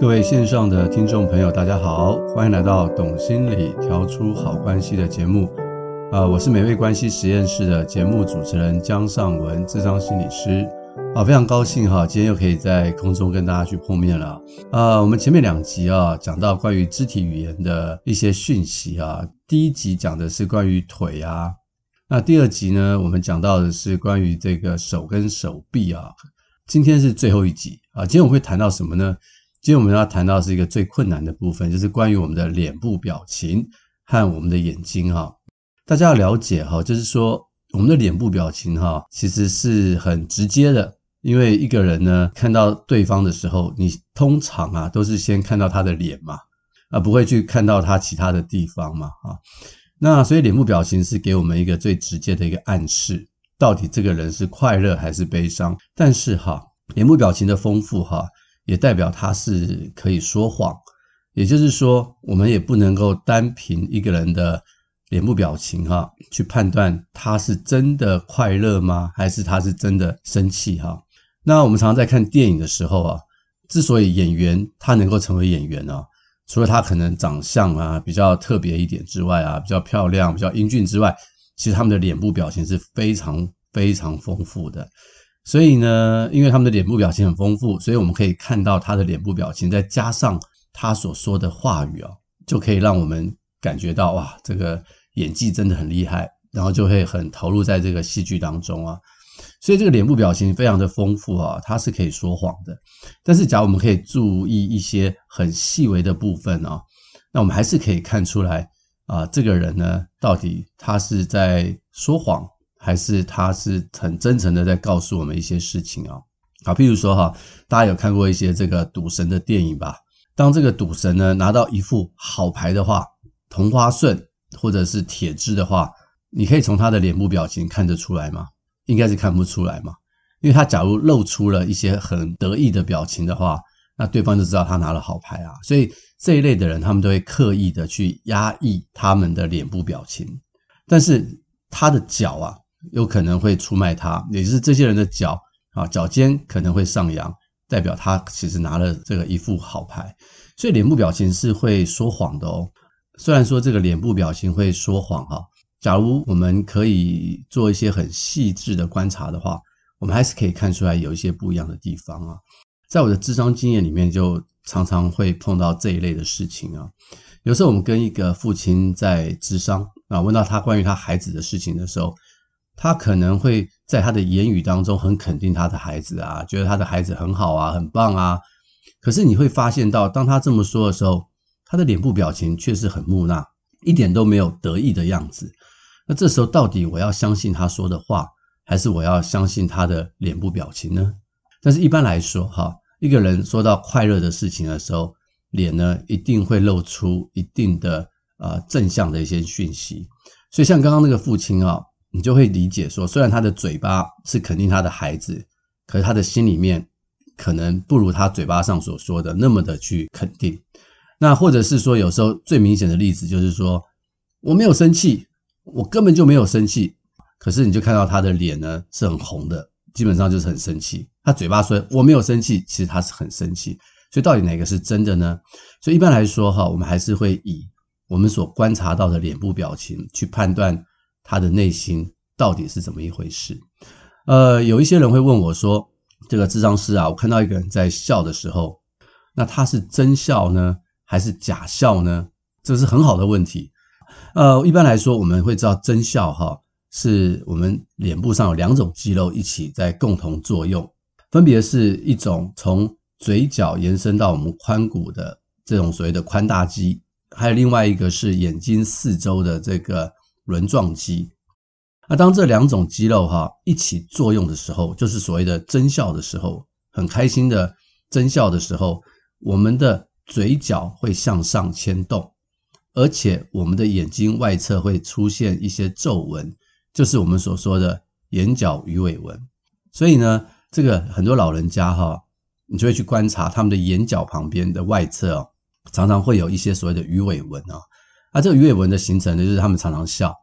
各位線上的聽眾朋友，大家好，歡迎來到懂心理調出好關係的節目啊！我是美味關係實驗室的節目主持人姜尚文，諮商心理師啊，非常高興哈、啊，今天又可以在空中跟大家去碰面了啊！我們前面兩集啊，講到關於肢體語言的一些訊息啊，第一集講的是關於腿啊，那第二集呢，我們講到的是關於這個手跟手臂啊，今天是最後一集啊，今天我們會談到什麼呢？今天我們要談到的是一個最困難的部分，就是關於我們的臉部表情和我們的眼睛哈。大家要了解哈，就是說我們的臉部表情哈，其實是很直接的，因為一個人呢，看到對方的時候，你通常啊都是先看到他的臉嘛，啊不會去看到他其他的地方嘛哈，那所以臉部表情是給我們一個最直接的一個暗示，到底這個人是快樂還是悲傷。但是哈、啊，臉部表情的豐富哈、啊。也代表他是可以說謊，也就是說，我們也不能夠單憑一個人的臉部表情哈，去判斷他是真的快樂嗎？還是他是真的生氣哈？那我們常常在看電影的時候啊，之所以演員他能夠成為演員啊，除了他可能長相啊比較特別一點之外啊，比較漂亮、比較英俊之外，其實他們的臉部表情是非常非常豐富的。所以呢，因為他們的臉部表情很豐富，所以我們可以看到他的臉部表情，再加上他所說的話語哦，就可以讓我們感覺到哇，這個演技真的很厲害，然後就會很投入在這個戲劇當中啊。所以這個臉部表情非常的豐富啊、哦，他是可以說謊的，但是假如我們可以注意一些很細微的部分哦，那我們還是可以看出來啊、呃，這個人呢，到底他是在說謊。還是他是很真誠的在告訴我們一些事情哦。好，譬如說哈、啊,大家有看過一些這個賭神的電影吧？當這個賭神呢拿到一副好牌的話,同花順或者是鐵支，的話,你可以從他的臉部表情看得出來嗎？應該是看不出來嘛,因為他假如露出了一些很得意的表情的話,那對方就知道他拿了好牌啊。所以這一類的人,他們都會刻意的去壓抑他們的臉部表情,但是他的腳啊。有可能會出賣他，也就是這些人的腳啊，腳尖可能會上揚，代表他其實拿了這個一副好牌。所以臉部表情是會說謊的哦。雖然說這個臉部表情會說謊哈、啊，假如我們可以做一些很細緻的觀察的話，我們還是可以看出來有一些不一樣的地方啊。在我的諮商經驗裡面，就常常會碰到這一類的事情啊。有時候我們跟一個父親在諮商啊，問到他關於他孩子的事情的時候。他可能會在他的言語當中很肯定他的孩子啊，覺得他的孩子很好啊，很棒啊。可是你會發現到，當他這麼說的時候，他的臉部表情卻是很木訥，一點都沒有得意的樣子。那這時候到底我要相信他說的話，還是我要相信他的臉部表情呢？但是一般來說，哈，一個人說到快樂的事情的時候，臉呢一定會露出一定的呃正向的一些訊息。所以像剛剛那個父親啊。你就會理解說，雖然他的嘴巴是肯定他的孩子，可是他的心裡面可能不如他嘴巴上所說的那麼的去肯定。那或者是說，有時候最明顯的例子就是說，我沒有生氣，我根本就沒有生氣。可是你就看到他的臉呢是很紅的，基本上就是很生氣。他嘴巴說我沒有生氣，其實他是很生氣。所以到底哪個是真的呢？所以一般來說哈，我們還是會以我們所觀察到的臉部表情去判斷。他的內心到底是怎麼一回事？呃，有一些人會問我說：“這個諮商師啊，我看到一個人在笑的時候，那他是真笑呢，還是假笑呢？”這是很好的問題。呃，一般來說，我們會知道真笑哈、哦，是我們臉部上有兩種肌肉一起在共同作用，分別是一種從嘴角延伸到我們臗骨的這種所謂的臗大肌，還有另外一個是眼睛四周的這個。輪匝肌，那、啊、當這兩種肌肉哈、啊、一起作用的時候，就是所謂的真笑的時候，很開心的真笑的時候，我們的嘴角會向上牽動，而且我們的眼睛外側會出現一些皺紋，就是我們所說的眼角魚尾紋。所以呢，這個很多老人家哈、啊，你就會去觀察他們的眼角旁邊的外側哦、啊，常常會有一些所謂的魚尾紋啊。啊，這個魚尾紋的形成呢，就是他們常常笑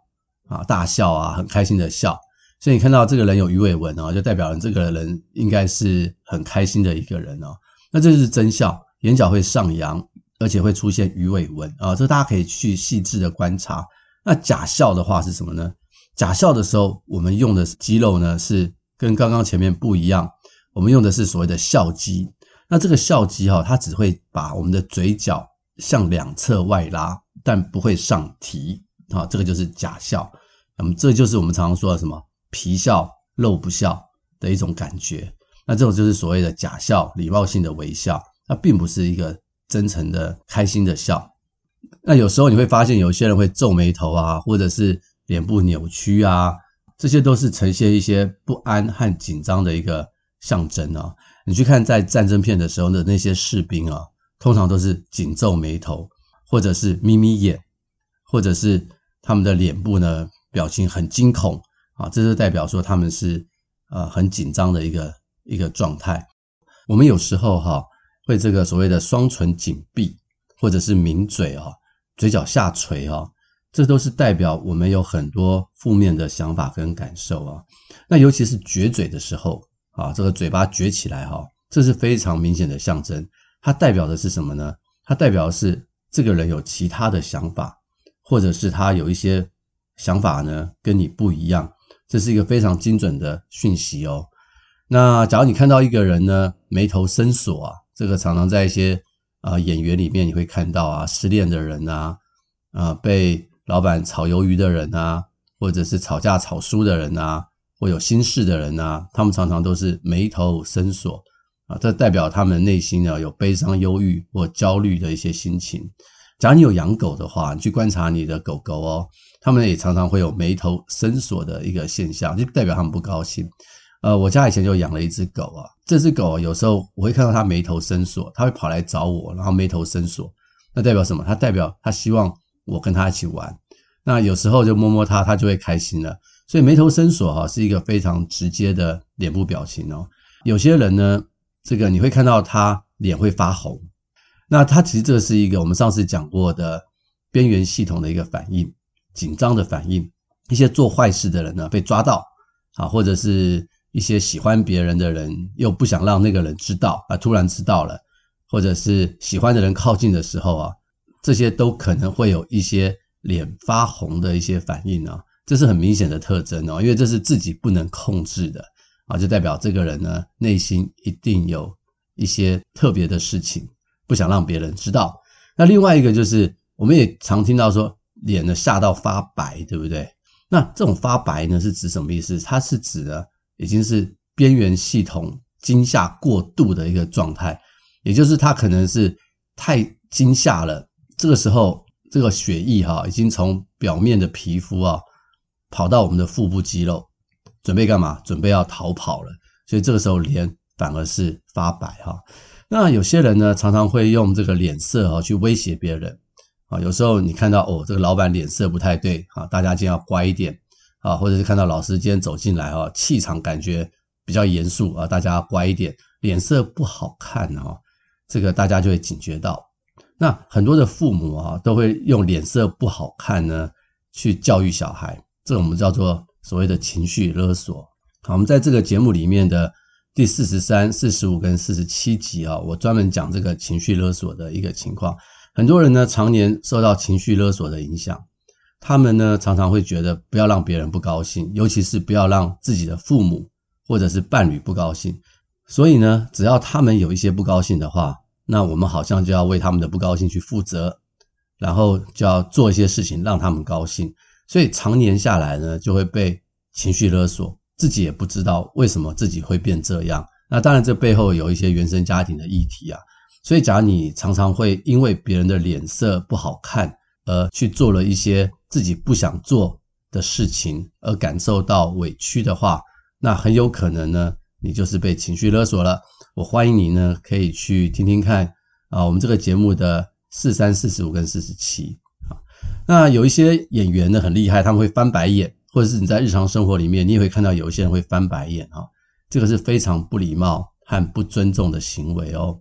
啊，大笑啊，很開心的笑。所以你看到這個人有魚尾紋哦，就代表了這個人應該是很開心的一個人哦。那這就是真笑，眼角會上揚，而且會出現魚尾紋啊。這大家可以去細緻的觀察。那假笑的話是什麼呢？假笑的時候，我們用的肌肉呢是跟剛剛前面不一樣，我們用的是所謂的笑肌。那這個笑肌哈、哦，它只會把我們的嘴角向兩側外拉。但不會上提啊，這個就是假笑。那、嗯、麼這就是我們常常說的什麼皮笑肉不笑的一種感覺。那這種就是所謂的假笑，禮貌性的微笑，它並不是一個真誠的開心的笑。那有時候你會發現，有些人會皺眉頭啊，或者是臉部扭曲啊，這些都是呈現一些不安和緊張的一個象徵啊。你去看在戰爭片的時候的那些士兵啊，通常都是緊皺眉頭。或者是眯眯眼，或者是他們的臉部呢，表情很驚恐啊，這就代表說他們是啊、呃、很緊張的一個一個狀態。我們有時候哈、啊、會這個所謂的雙脣緊閉，或者是抿嘴啊，嘴角下垂啊，這都是代表我們有很多負面的想法跟感受啊。那尤其是撅嘴的時候啊，這個嘴巴撅起來哈、啊，這是非常明顯的象徵。它代表的是什麼呢？它代表的是。這個人有其他的想法，或者是他有一些想法呢，跟你不一樣，這是一個非常精準的訊息哦。那假如你看到一個人呢，眉頭深鎖啊，這個常常在一些啊、呃、演員裡面你會看到啊，失戀的人啊，啊、呃、被老板炒魷魚的人啊，或者是吵架吵輸的人啊，或有心事的人啊，他們常常都是眉頭深鎖。啊，這代表他們內心呢有悲傷、憂鬱或焦慮的一些心情。假如你有養狗的話，你去觀察你的狗狗哦，他們也常常會有眉頭深鎖的一個現象，就代表他們不高興。呃，我家以前就養了一隻狗啊、哦，這隻狗有時候我會看到它眉頭深鎖，它會跑來找我，然後眉頭深鎖，那代表什麼？它代表它希望我跟它一起玩。那有時候就摸摸它，它就會開心了。所以眉頭深鎖哈，是一個非常直接的臉部表情哦。有些人呢。這個你會看到他臉會發紅，那他其實這是一個我們上次講過的邊緣系統的一個反應，緊張的反應。一些做壞事的人呢被抓到啊，或者是一些喜歡別人的人又不想讓那個人知道啊，突然知道了，或者是喜歡的人靠近的時候啊，這些都可能會有一些臉發紅的一些反應呢、啊，這是很明顯的特徵哦，因為這是自己不能控制的。啊，就代表這個人呢，內心一定有一些特別的事情，不想讓別人知道。那另外一個就是，我們也常聽到說，臉呢嚇到發白，對不對？那這種發白呢是指什麼意思？它是指呢，已經是邊緣系統驚嚇過度的一個狀態，也就是他可能是太驚嚇了。這個時候，這個血液哈、啊，已經從表面的皮膚啊，跑到我們的腹部肌肉。準備幹嘛？準備要逃跑了，所以這個時候臉反而是發白哈。那有些人呢，常常會用這個臉色哈去威脅別人啊。有時候你看到哦，這個老闆臉色不太對啊，大家今天要乖一點啊，或者是看到老師今天走進來啊，氣場感覺比較嚴肅啊，大家乖一點，臉色不好看啊，這個大家就會警覺到。那很多的父母啊，都會用臉色不好看呢去教育小孩，這個我們叫做。所謂的情緒勒索，好，我們在這個節目裡面的第四十三、四十五跟四十七集啊、哦，我專門講這個情緒勒索的一個情況。很多人呢，常年受到情緒勒索的影響，他們呢常常會覺得不要讓別人不高興，尤其是不要讓自己的父母或者是伴侶不高興。所以呢，只要他們有一些不高興的話，那我們好像就要為他們的不高興去負責，然後就要做一些事情讓他們高興。所以常年下來呢，就會被情緒勒索，自己也不知道為什麼自己會變這樣。那當然，這背後有一些原生家庭的議題啊。所以，假如你常常會因為別人的臉色不好看而去做了一些自己不想做的事情，而感受到委屈的話，那很有可能呢，你就是被情緒勒索了。我歡迎你呢，可以去聽聽看啊，我們這個節目的四三、四十五跟四十七。那有一些演員呢，很厲害，他們會翻白眼，或者是你在日常生活裡面，你也會看到有一些人會翻白眼哈、哦，這個是非常不禮貌和不尊重的行為哦。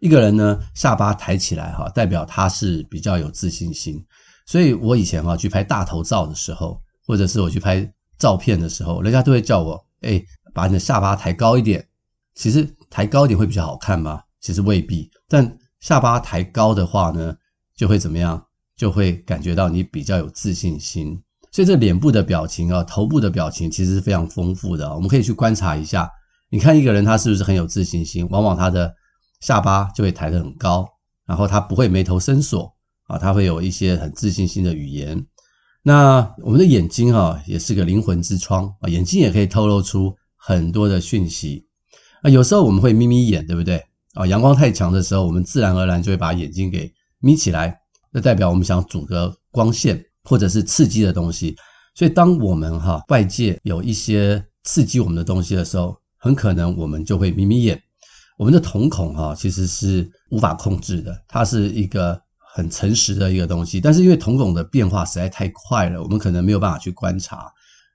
一個人呢，下巴抬起來哈、哦，代表他是比較有自信心。所以我以前哈、哦，去拍大頭照的時候，或者是我去拍照片的時候，人家都會叫我哎，把你的下巴抬高一點。其實抬高一點會比較好看嗎？其實未必。但下巴抬高的話呢，就會怎麼樣？就會感覺到你比較有自信心，所以這臉部的表情啊，頭部的表情其實是非常豐富的。我們可以去觀察一下，你看一個人他是不是很有自信心，往往他的下巴就會抬得很高，然後他不會眉頭深鎖啊，他會有一些很自信心的語言。那我們的眼睛啊，也是個靈魂之窗啊，眼睛也可以透露出很多的訊息啊。有時候我們會眯眯眼，對不對啊？陽光太強的時候，我們自然而然就會把眼睛給眯起來。這代表我們想阻隔光線，或者是刺激的東西。所以，當我們哈、啊、外界有一些刺激我們的東西的時候，很可能我們就會眯眯眼。我們的瞳孔哈、啊、其實是無法控制的，它是一個很誠實的一個東西。但是，因為瞳孔的變化實在太快了，我們可能沒有辦法去觀察。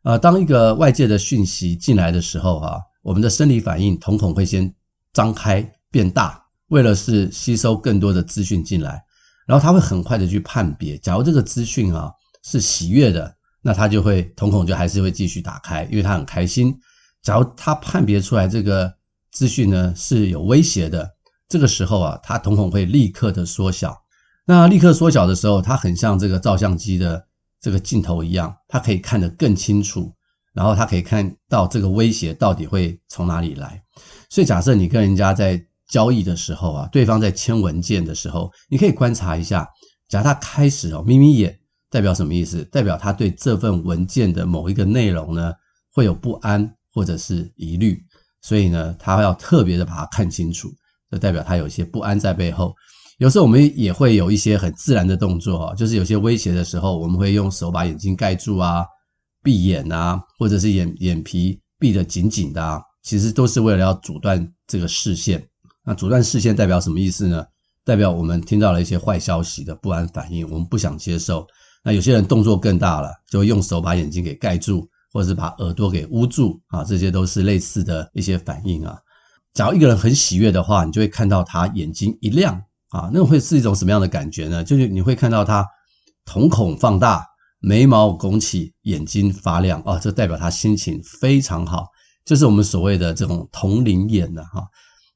啊、呃，當一個外界的訊息進來的時候哈、啊，我們的生理反應，瞳孔會先張開變大，為了是吸收更多的資訊進來。然後他會很快的去判別，假如這個資訊啊是喜悅的，那他就會瞳孔就還是會繼續打開，因為他很開心。假如他判別出來這個資訊呢是有威脅的，這個時候啊，他瞳孔會立刻的縮小。那立刻縮小的時候，他很像這個照相機的這個鏡頭一樣，他可以看得更清楚，然後他可以看到這個威脅到底會從哪裡來。所以假設你跟人家在。交易的時候啊，對方在簽文件的時候，你可以觀察一下，假如他開始哦眯眯眼，代表什麼意思？代表他對這份文件的某一個內容呢，會有不安或者是疑慮，所以呢，他要特別的把它看清楚，這代表他有一些不安在背後。有時候我們也會有一些很自然的動作啊，就是有些威脅的時候，我們會用手把眼睛蓋住啊，閉眼啊，或者是眼眼皮閉得緊緊的，啊，其實都是為了要阻斷這個視線。那阻斷視線代表什麼意思呢？代表我們聽到了一些壞消息的不安反應，我們不想接受。那有些人動作更大了，就會用手把眼睛給蓋住，或者是把耳朵給捂住啊，這些都是類似的一些反應啊。假如一個人很喜悅的話，你就會看到他眼睛一亮啊，那會是一種什麼樣的感覺呢？就是你會看到他瞳孔放大，眉毛拱起，眼睛發亮啊，這代表他心情非常好，就是我們所謂的這種瞳鈴眼的、啊、哈。啊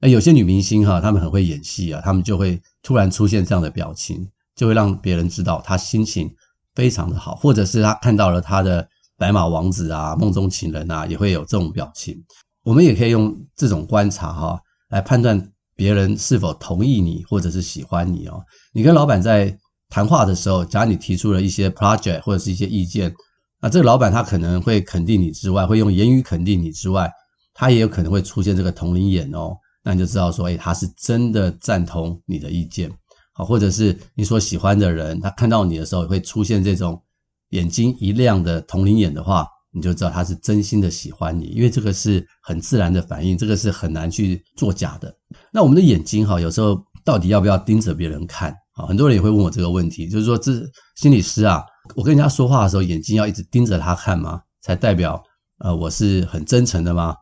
哎，有些女明星哈、啊，她們很會演戲啊，她們就會突然出現這樣的表情，就會讓別人知道她心情非常的好，或者是她看到了她的白馬王子啊、夢中情人啊，也會有這種表情。我們也可以用這種觀察哈、啊，來判斷別人是否同意你，或者是喜歡你哦。你跟老板在談話的時候，假如你提出了一些 project 或者是一些意見，那這個老板他可能會肯定你之外，會用言語肯定你之外，他也有可能會出現這個瞳鈴眼哦。那你就知道說，哎，他是真的贊同你的意見，好，或者是你所喜歡的人，他看到你的時候會出現這種眼睛一亮的瞳鈴眼的話，你就知道他是真心的喜歡你，因為這個是很自然的反應，這個是很難去作假的。那我們的眼睛哈，有時候到底要不要盯着別人看啊？很多人也會問我這個問題，就是說，這心理師啊，我跟人家說話的時候，眼睛要一直盯着他看嗎？才代表呃我是很真誠的嗎？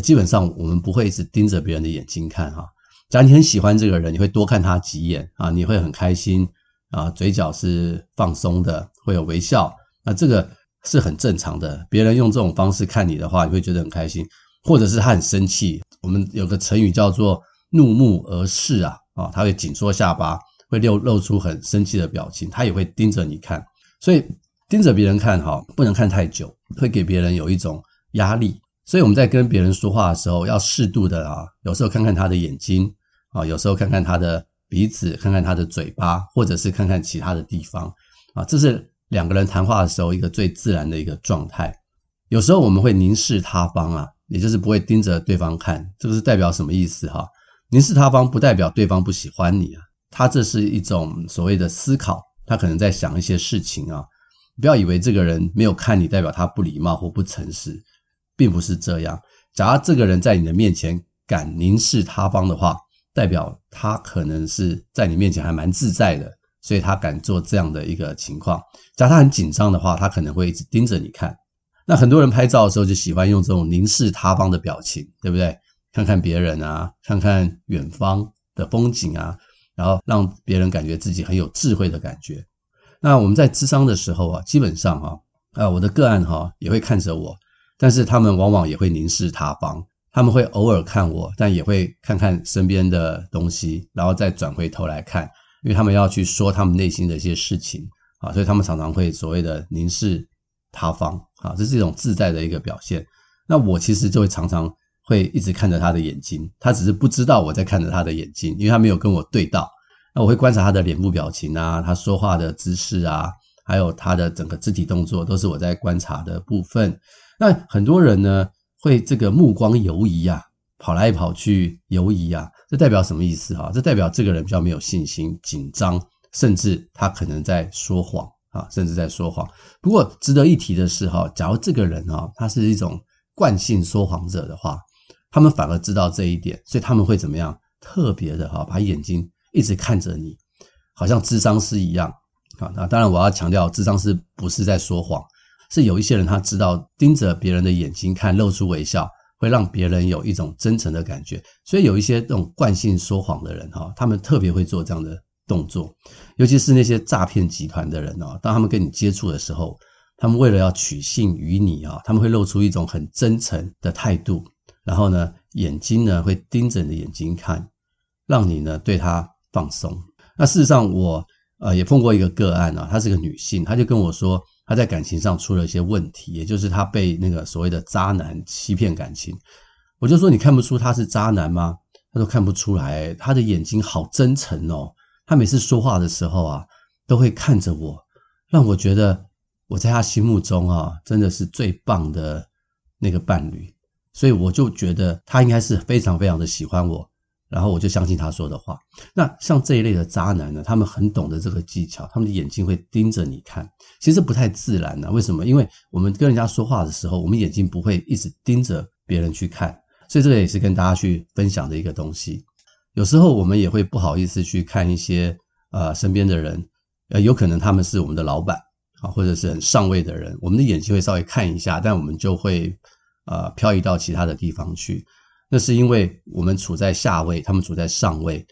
基本上我們不會一直盯着別人的眼睛看哈、啊。假如你很喜歡這個人，你會多看他幾眼啊，你會很開心啊，嘴角是放鬆的，會有微笑。那這個是很正常的。別人用這種方式看你的話，你會覺得很開心，或者是他很生氣。我們有個成語叫做怒目而視啊，啊，他會緊縮下巴，會露露出很生氣的表情，他也會盯着你看。所以盯着別人看哈、啊，不能看太久，會給別人有一種壓力。所以我們在跟別人說話的時候，要適度的啊，有時候看看他的眼睛啊，有時候看看他的鼻子，看看他的嘴巴，或者是看看其他的地方啊，這是兩個人談話的時候一個最自然的一個狀態。有時候我們會凝視他方啊，也就是不會盯着對方看，這個是代表什麼意思哈、啊？凝視他方不代表對方不喜歡你啊，他這是一種所謂的思考，他可能在想一些事情啊。不要以為這個人沒有看你，代表他不禮貌或不誠實。並不是這樣。假如這個人在你的面前敢凝視他方的話，代表他可能是在你面前還蠻自在的，所以他敢做這樣的一個情況。假如他很緊張的話，他可能會一直盯着你看。那很多人拍照的時候就喜歡用這種凝視他方的表情，對不對？看看別人啊，看看遠方的風景啊，然後讓別人感覺自己很有智慧的感覺。那我們在諮商的時候啊，基本上啊，啊、呃，我的個案哈、啊、也會看着我。但是他們往往也會凝視他方，他們會偶爾看我，但也會看看身邊的東西，然後再轉回頭來看，因為他們要去說他們內心的一些事情啊，所以他們常常會所謂的凝視他方啊，這是一種自在的一個表現。那我其實就會常常會一直看着他的眼睛，他只是不知道我在看着他的眼睛，因為他沒有跟我對到。那我會觀察他的臉部表情啊，他說話的姿勢啊。還有他的整個肢體動作都是我在觀察的部分。那很多人呢會這個目光游移啊，跑來跑去游移啊，這代表什麼意思哈？這代表這個人比較沒有信心、緊張，甚至他可能在說謊啊，甚至在說謊。不過值得一提的是哈，假如這個人啊他是一種慣性說謊者的話，他們反而知道這一點，所以他們會怎麼樣？特別的哈，把眼睛一直看着你，好像智商師一樣。啊，那當然，我要強調，智商是不是在說謊？是有一些人他知道盯着別人的眼睛看，露出微笑，會讓別人有一種真誠的感覺。所以有一些這種慣性說謊的人哈，他們特別會做這樣的動作，尤其是那些詐騙集團的人啊，當他們跟你接觸的時候，他們為了要取信於你啊，他們會露出一種很真誠的態度，然後呢，眼睛呢會盯着你的眼睛看，讓你呢對他放鬆。那事實上我。呃，也碰過一個個案啊，她是個女性，她就跟我說，她在感情上出了一些問題，也就是她被那個所謂的渣男欺騙感情。我就說，你看不出他是渣男嗎？她都看不出來，她的眼睛好真誠哦，她每次說話的時候啊，都會看着我，讓我覺得我在她心目中啊，真的是最棒的那個伴侶，所以我就覺得她應該是非常非常的喜歡我。然後我就相信他說的話。那像這一類的渣男呢，他們很懂得這個技巧，他們的眼睛會盯着你看，其實不太自然呢、啊。為什麼？因為我們跟人家說話的時候，我們眼睛不會一直盯着別人去看，所以這個也是跟大家去分享的一個東西。有時候我們也會不好意思去看一些呃身邊的人，呃，有可能他們是我們的老闆啊，或者是很上位的人，我們的眼睛會稍微看一下，但我們就會呃漂移到其他的地方去。那是因為我們處在下位，他們處在上位，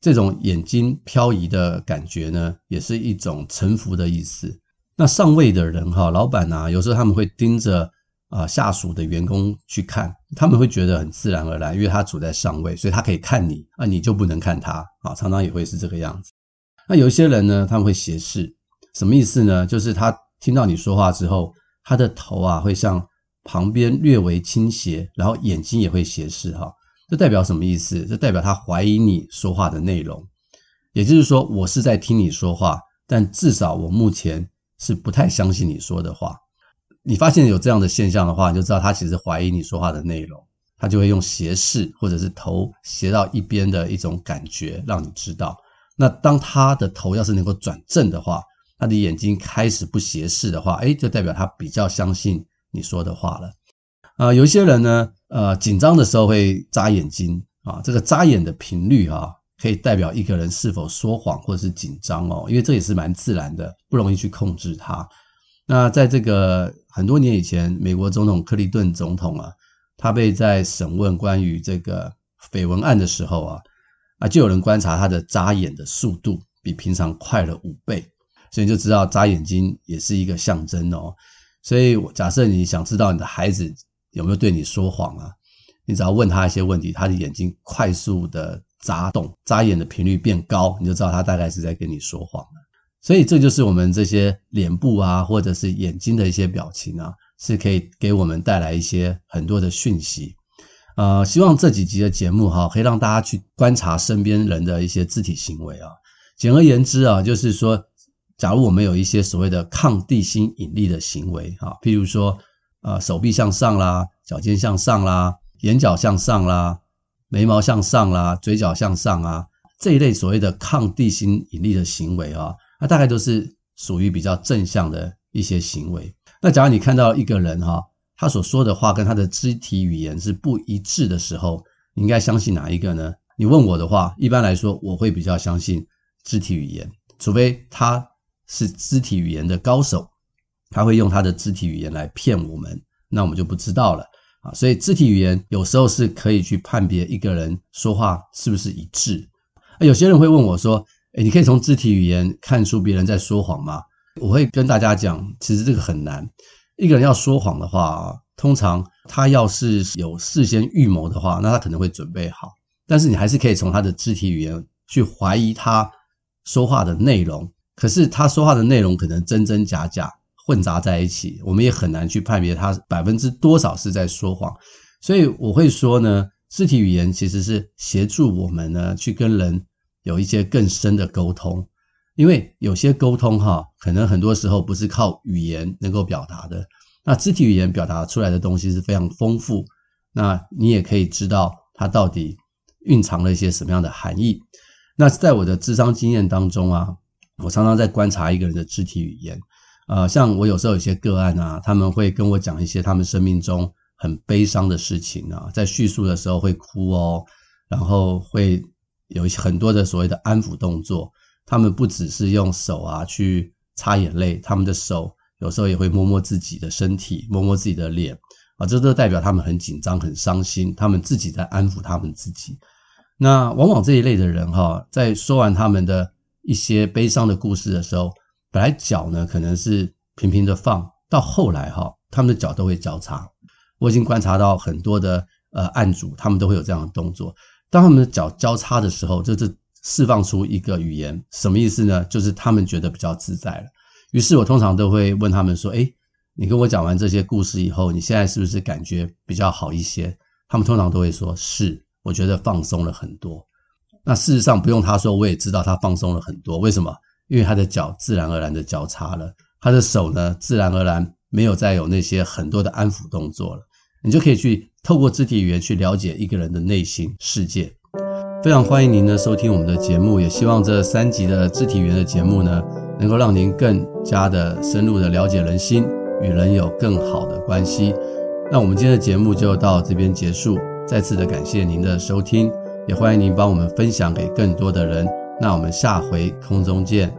這種眼睛漂移的感覺呢，也是一種臣服的意思。那上位的人哈，老闆吶、啊，有時候他們會盯着啊、呃、下屬的員工去看，他們會覺得很自然而然，因為他處在上位，所以他可以看你啊，你就不能看他啊，常常也會是這個樣子。那有一些人呢，他們會斜視，什麼意思呢？就是他聽到你說話之後，他的頭啊會向。旁邊略微傾斜，然後眼睛也會斜視，哈，這代表什麼意思？這代表他懷疑你說話的內容。也就是說，我是在聽你說話，但至少我目前是不太相信你說的話。你發現有這樣的現象的話，你就知道他其實懷疑你說話的內容。他就會用斜視或者是頭斜到一邊的一種感覺，讓你知道。那當他的頭要是能夠轉正的話，他的眼睛開始不斜視的話，誒，就代表他比較相信。你說的話了，啊、呃，有些人呢，呃，緊張的時候會眨眼睛啊，這個眨眼的頻率啊，可以代表一個人是否說謊或是緊張哦，因為這也是蠻自然的，不容易去控制它。那在這個很多年以前，美國總統柯林頓總統啊，他被在審問關於這個緋聞案的時候啊，啊，就有人觀察他的眨眼的速度比平常快了五倍，所以就知道眨眼睛也是一個象徵哦。所以，假設你想知道你的孩子有沒有對你說謊啊，你只要問他一些問題，他的眼睛快速的眨動，眨眼的頻率變高，你就知道他大概是在跟你說謊了。所以，這就是我們這些臉部啊，或者是眼睛的一些表情啊，是可以給我們帶來一些很多的訊息。呃，希望這幾集的節目哈，可以讓大家去觀察身邊人的一些肢體行為啊。簡而言之啊，就是說。假如我們有一些所謂的抗地心引力的行為，譬如說，手臂向上啦，腳尖向上啦，眼角向上啦，眉毛向上啦，嘴角向上啊，這一類所謂的抗地心引力的行為啊，那大概都是屬於比較正向的一些行為。那假如你看到一個人哈，他所說的話跟他的肢體語言是不一致的時候，你應該相信哪一個呢？你問我的話，一般來說我會比較相信肢體語言，除非他。是肢體語言的高手，他會用他的肢體語言來騙我們，那我們就不知道了啊。所以肢體語言有時候是可以去判別一個人說話是不是一致。啊，有些人會問我說：“哎，你可以從肢體語言看出別人在說謊嗎？”我會跟大家講，其實這個很難。一個人要說謊的話，通常他要是有事先預謀的話，那他可能會準備好。但是你還是可以從他的肢體語言去懷疑他說話的內容。可是他說話的內容可能真真假假混雜在一起，我們也很難去判別他百分之多少是在說謊。所以我會說呢，肢體語言其實是協助我們呢去跟人有一些更深的溝通，因為有些溝通哈，可能很多時候不是靠語言能夠表達的。那肢體語言表達出來的東西是非常豐富，那你也可以知道它到底蘊藏了一些什麼樣的含義。那在我的諮商經驗當中啊。我常常在觀察一個人的肢體語言，呃，像我有時候有些個案啊，他們會跟我講一些他們生命中很悲傷的事情啊，在敘述的時候會哭哦，然後會有一些很多的所謂的安撫動作，他們不只是用手啊去擦眼淚，他們的手有時候也會摸摸自己的身體，摸摸自己的臉，啊，這都代表他們很緊張、很傷心，他們自己在安撫他們自己。那往往這一類的人哈、啊，在說完他們的。一些悲傷的故事的時候，本來腳呢可能是平平的放，到後來哈、哦，他們的腳都會交叉。我已經觀察到很多的呃案主，他們都會有這樣的動作。當他們的腳交叉的時候，就是釋放出一個語言，什麼意思呢？就是他們覺得比較自在了。於是，我通常都會問他們說：“哎，你跟我講完這些故事以後，你現在是不是感覺比較好一些？”他們通常都會說：“是，我覺得放鬆了很多。”那事實上不用他說，我也知道他放鬆了很多。為什麼？因為他的腳自然而然的交叉了，他的手呢，自然而然沒有再有那些很多的安撫動作了。你就可以去透過肢體語言去了解一個人的內心世界。非常歡迎您呢收聽我們的節目，也希望這三集的肢體語言的節目呢，能夠讓您更加的深入的了解人心，與人有更好的關係。那我們今天的節目就到這邊結束，再次的感謝您的收聽。也歡迎您幫我們分享給更多的人，那我們下回空中見。